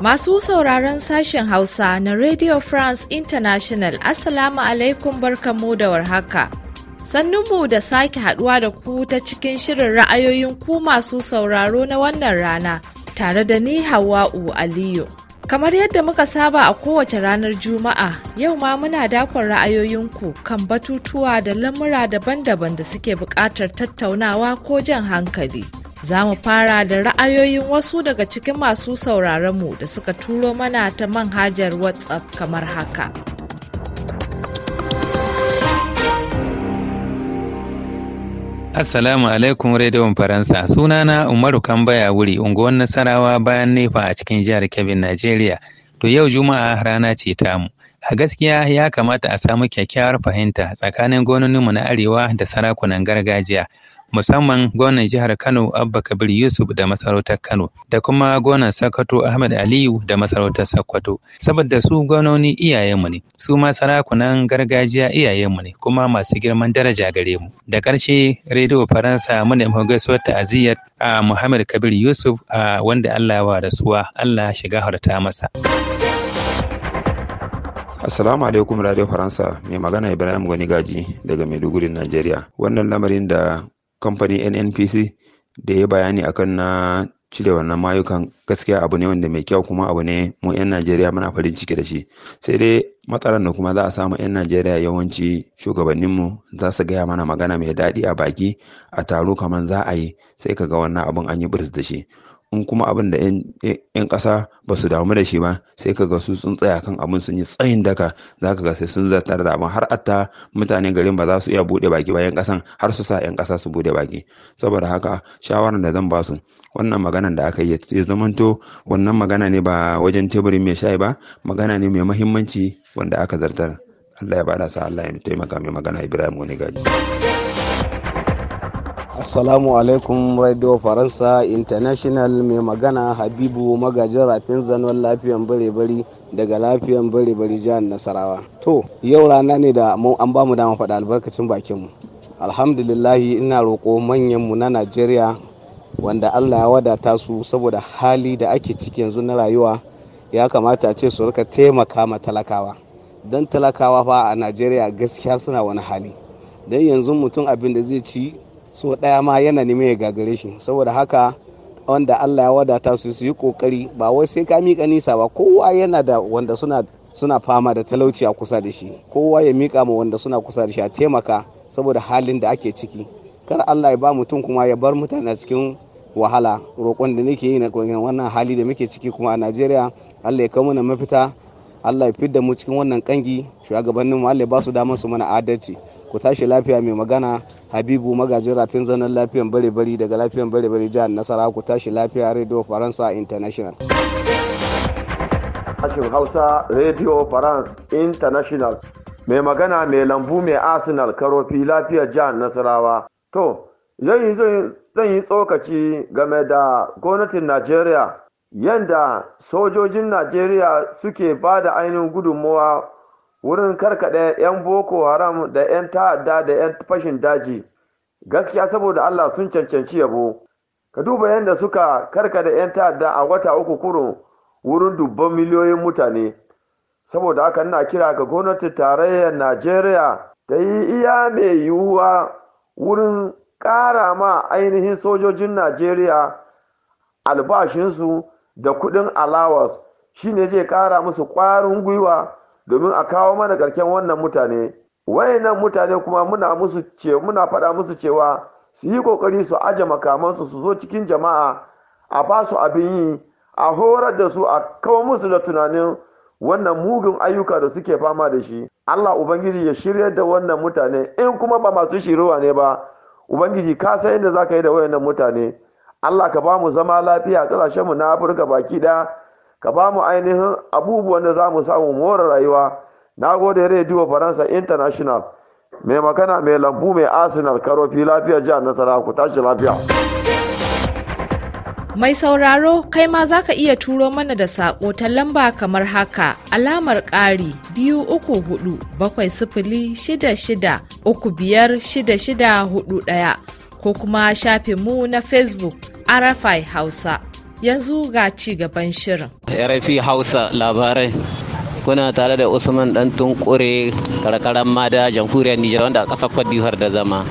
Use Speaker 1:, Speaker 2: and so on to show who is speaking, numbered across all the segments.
Speaker 1: Masu sauraron sashen Hausa na Radio France International Assalamu alaikum barkamu da warhaka. Sannunmu da sake haduwa da ku ta cikin shirin ra'ayoyin ku masu sauraro na wannan rana tare da ni Hawa'u Aliyu. Kamar yadda muka saba a kowace ranar Juma'a, yau ma muna dakon ku kan batutuwa da lamura daban-daban da suke buƙatar tattaunawa ko jan hankali. Za mu fara da ra'ayoyin wasu daga cikin masu mu da suka turo mana ta manhajar WhatsApp kamar haka.
Speaker 2: Assalamu alaikum Rediyon Faransa. Sunana Umaru Kambaya wuri, unguwar Nasarawa bayan Nefa a cikin jihar Kebbi, Najeriya. To yau Juma'a rana ce tamu. A gaskiya ya kamata a samu kyakkyawar fahimta tsakanin gonunmu na Arewa da sarakunan gargajiya. musamman gwamnan jihar Kano Abba Kabir Yusuf da masarautar Kano da kuma gwamnan Sokoto Ahmad Aliyu da masarautar Sakkwato, saboda su gwamnoni iyayenmu ne su ma sarakunan gargajiya iyayenmu ne kuma masu girman daraja gare mu da ƙarshe rediyo Faransa muna nemi gaisuwar ta'aziyyar a Muhammad Kabir Yusuf a wanda Allah wa rasuwa Allah shiga harta masa. Assalamu alaikum Radio Faransa mai magana Ibrahim Gani Gaji daga Maiduguri Najeriya. Wannan lamarin da kamfanin NNPC da ya bayani akan na cire wannan mayukan gaskiya abu ne wanda mai kyau kuma abu ne mu 'yan Najeriya muna farin ciki da shi sai dai matsalar da kuma za a samu 'yan Najeriya yawanci shugabanninmu za su gaya mana magana mai daɗi a baki a taro kamar za a yi sai ka ga wannan abin an yi biris da shi in kuma abin da 'yan ƙasa ba su damu da shi ba sai ka ga su sun tsaya kan abin sun yi tsayin daka za ka ga sai sun zartar da abin har atta mutane garin ba za su iya buɗe baki ba 'yan ƙasan har su sa 'yan ƙasa su buɗe baki saboda haka shawarar da zan ba su wannan maganan da aka yi ya zamanto wannan magana ne ba wajen teburin mai shayi ba magana ne mai mahimmanci wanda aka zartar Allah ya bada sa Allah ya taimaka mai magana Ibrahim wani gaji.
Speaker 3: Assalamu alaikum Radio Faransa International mai magana Habibu magajin rafin zanen lafiyan bare-bari daga lafiyan bare-bari jihar Nasarawa. To, yau rana ne da an ba mu dama faɗa albarkacin bakinmu. Alhamdulillahi ina roƙo manyanmu na Najeriya wanda Allah ya wadata su saboda hali da ake ciki yanzu na rayuwa ya kamata a ce su rika taimaka ma talakawa. Don talakawa fa a Najeriya gaskiya suna wani hali. Don yanzu mutum abin da zai ci so daya ma yana neme ya gagare shi saboda haka wanda Allah ya wadata su su yi kokari ba wai sai ka mika nisa ba kowa yana da wanda suna fama da talauci a kusa da shi kowa ya mika ma wanda suna kusa da shi a taimaka saboda halin da ake ciki kar Allah ya ba mutum kuma ya bar mutane cikin wahala roƙon da nake yi na wannan hali da muke ciki kuma a Najeriya Allah ya kawo mana mafita Allah ya fidda mu cikin wannan kangi shugabanninmu Allah ya ba su damar su mana adalci ku tashi lafiya mai magana habibu magajin rafin zanen lafiyan bare bari daga lafiyan bare bari jihar nasara ku tashi lafiya radio faransa international
Speaker 4: sashen hausa radio Faransa international mai magana mai lambu mai arsenal karofi lafiyar jihar nasarawa to zan yi tsokaci game da gwamnatin najeriya yadda sojojin najeriya suke ba da ainihin gudunmowa. wurin karkaɗe 'yan boko haram da 'yan ta'adda da 'yan fashin daji gaskiya saboda allah sun cancanci yabo ka duba yadda suka karkaɗe 'yan ta'adda a wata uku kurun wurin dubban miliyoyin mutane saboda haka nuna kira ga gwamnati tarayyar najeriya ta yi iya mai yiwuwa wurin ƙara ma ainihin sojojin najeriya albashinsu da kuɗin alawas shine zai ƙara musu ƙwarin gwiwa domin a kawo mana karken wannan mutane wayannan mutane kuma muna musu ce muna faɗa musu cewa su yi kokari su aje makamansu su zo cikin jama'a a ba su abin yi a horar da su a kawo musu da tunanin wannan mugun ayyuka da suke fama da shi Allah ubangiji ya shirya da wannan mutane in kuma ba masu shiruwa ne ba ubangiji ka san inda ka yi da wayannan mutane Allah ka ba mu zama lafiya a mu na Afirka baki ɗaya ka ba mu ainihin abubuwan da za mu samu more rayuwa na gode rediyo faransa international mai makana mai lambu mai arsenal karofi lafiya jihar nasara ku tashi lafiya
Speaker 1: mai sauraro kai ma za ka iya turo mana da saƙo ta lamba kamar haka alamar ƙari biyu uku hudu bakwai sifili shida shida uku biyar shida shida hudu ɗaya ko kuma shafinmu na facebook arafai hausa yanzu ga ci gaban shirin.
Speaker 5: RFI Hausa labarai kuna tare da Usman dan tunkure karkaran mada jamhuriyar Nijar wanda a kasar kwadiyar da zama.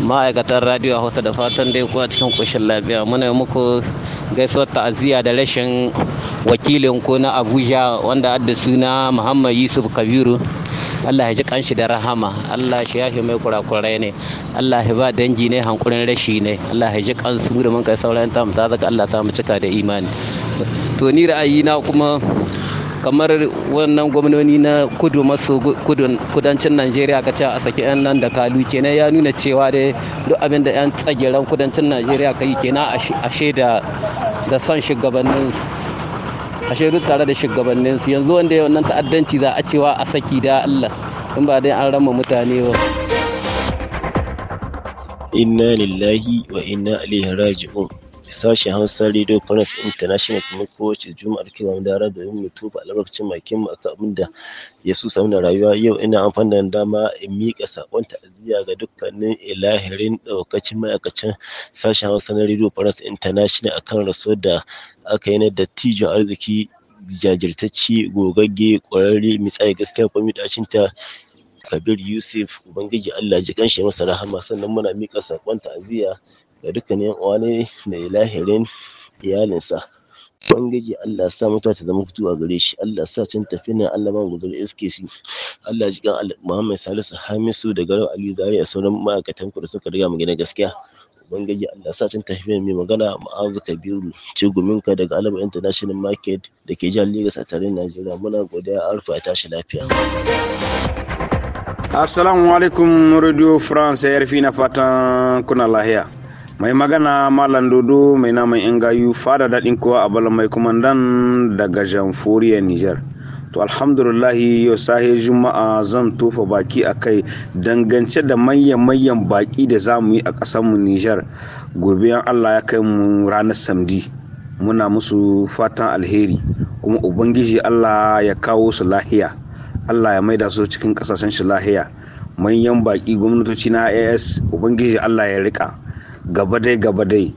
Speaker 5: Ma'aikatan radio Hausa da fatan dai kuwa cikin ƙoshin lafiya muna muku gaisuwar ta'aziyya da rashin wakilin ko na Abuja wanda adda suna Muhammad Yusuf Kabiru Allah ya ji kanshi da rahama Allah shi yafe mai kurakurai ne Allah ya ba dangi ne hankurin rashi ne Allah ya ji kansu da mun kai sauran ta ta zaka Allah samu cika da imani to ni ra'ayi na kuma kamar wannan gwamnoni na kudu maso kudancin najeriya ka ce a saki 'yan nan da kalu kenan ya nuna cewa da duk abin da 'yan tsageren kudancin najeriya ka yi kenan a shaida da son shugabannin ashe duk tare da shugabanninsu yanzu wanda wannan ta'addanci za a cewa a saki da Allah in ba dai an rama mutane ba inna lillahi wa inna ilaihi raji'un sashen Hausa Radio plus International kamar kowace Juma'ar kewa dara domin mu tufa albarkacin makin mu abin da ya su samu rayuwa yau ina amfani da dama in miƙa sakon ta'aziyya ga dukkanin ilahirin daukacin ma'aikacin sashen Hausa na Radio plus International akan raso da aka yi na tijo arziki jajirtacce gogagge ƙwararre misali gaskiya kwami dacin ta Kabir Yusuf Ubangiji Allah ji kanshi masa rahama sannan muna miƙa sakon ta'aziyya ga dukkanin wani ya lahirin iyalinsa ubangiji Allah sa mutuwa ta zama kutu a gare shi Allah sa can tafi nan Allah ba mu iske shi Allah jikan Muhammad Salisu Hamisu da Garau Ali Zariya sauran ma'aikatan ku da suka riga mu gaskiya ubangiji Allah sa can tafi mai magana ma'azu Kabiru ce ka daga Alaba International Market da ke jihar Lagos a tarin Najeriya muna godiya arfa tashi lafiya Assalamu alaikum
Speaker 2: Radio France RFI na fatan kuna lahiya mai magana malam dodo mai naman yan gayu fada daɗin kowa a bala mai kumandan daga jamhuriyar niger to alhamdulillahi yau sahe juma'a zan tofa baki a kai dangance da manyan-manyan baki da za mu yi a ƙasarmu niger gobe allah ya kai mu ranar samdi muna musu fatan alheri kuma ubangiji allah ya kawo su lahiya allah ya maida su cikin ƙasashen shi lahiya manyan baki gwamnatoci na as ubangiji allah ya rika gaba dai gaba dai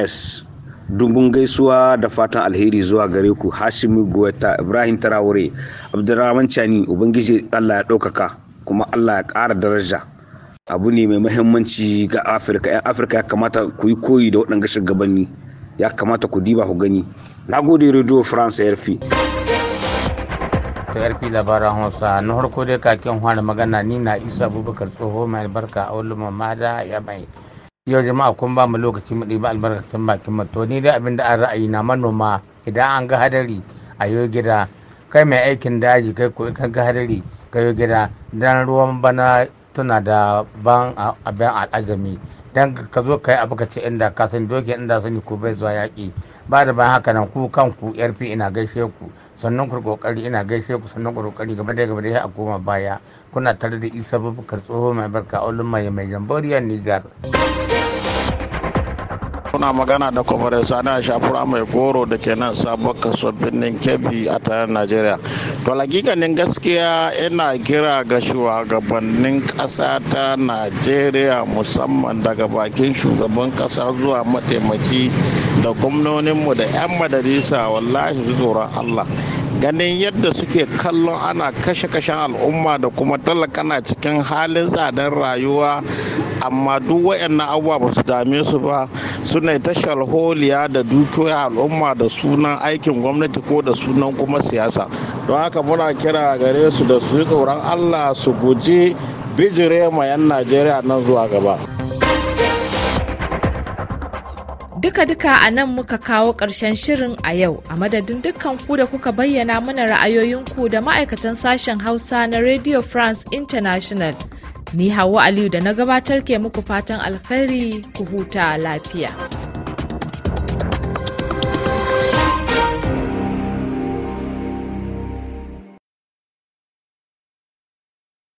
Speaker 2: is dubun gaisuwa da fatan alheri zuwa gare ku hashimu guwata ibrahim tarawure abdurrahman chani ubangiji allah ya ɗaukaka kuma allah ya kara daraja abu ne mai mahimmanci ga afirka yan afirka ya kamata ku yi koyi da waɗanda shugabanni ya kamata ku diba ku gani na gode radio france rfi
Speaker 3: ta yarfi labaran hausa na harko dai kakin hana magana ni na isa abubakar tsoho mai albarka a wani mamada ya mai yau jama'a kun ba mu lokaci mu ɗiba albarkacin bakin mu to ni dai abin da an ra'ayi na manoma idan an ga hadari a yau gida kai mai aikin daji kai ko kan ga hadari kai yau gida dan ruwan bana tuna da ban abin al'ajami dan ka zo ka yi abu ka ce inda ka san doke inda sani ku bai zuwa yaƙi ba da bayan haka nan ku kanku yarfi ina gaishe ku sannan ku kokari ina gaishe ku sannan ku kokari gaba da gaba da a koma baya kuna tare da isa babbar
Speaker 5: tsoho mai barka olin mai mai jamboriya nijar. kuna magana da kwamare sani a shafura mai goro da ke nan sabon kaso birnin kebbi a tarayyar najeriya to lakikanin gaskiya ina kira ga shugabannin ƙasa ta najeriya musamman daga bakin shugaban ƙasa zuwa mataimaki da gwamnoninmu da 'yan madarisa wallahi su tsoron allah ganin yadda suke kallon ana kashe-kashen al'umma da kuma talaka na cikin halin tsadar rayuwa amma duk waɗannan abubuwa ba su dame su ba suna ta shalholiya da dukiyar al'umma da sunan aikin gwamnati ko da sunan kuma siyasa don haka muna kira gare su da su yi tsoron allah su guji bijire ma 'yan najeriya nan zuwa gaba
Speaker 1: Duka-duka a nan muka kawo ƙarshen shirin a yau a madadin dukkan ku da kuka bayyana mana ra'ayoyinku da ma'aikatan sashen Hausa na Radio France International. Ni Hawa Aliyu da na gabatar ke muku fatan alkhairi ku huta lafiya.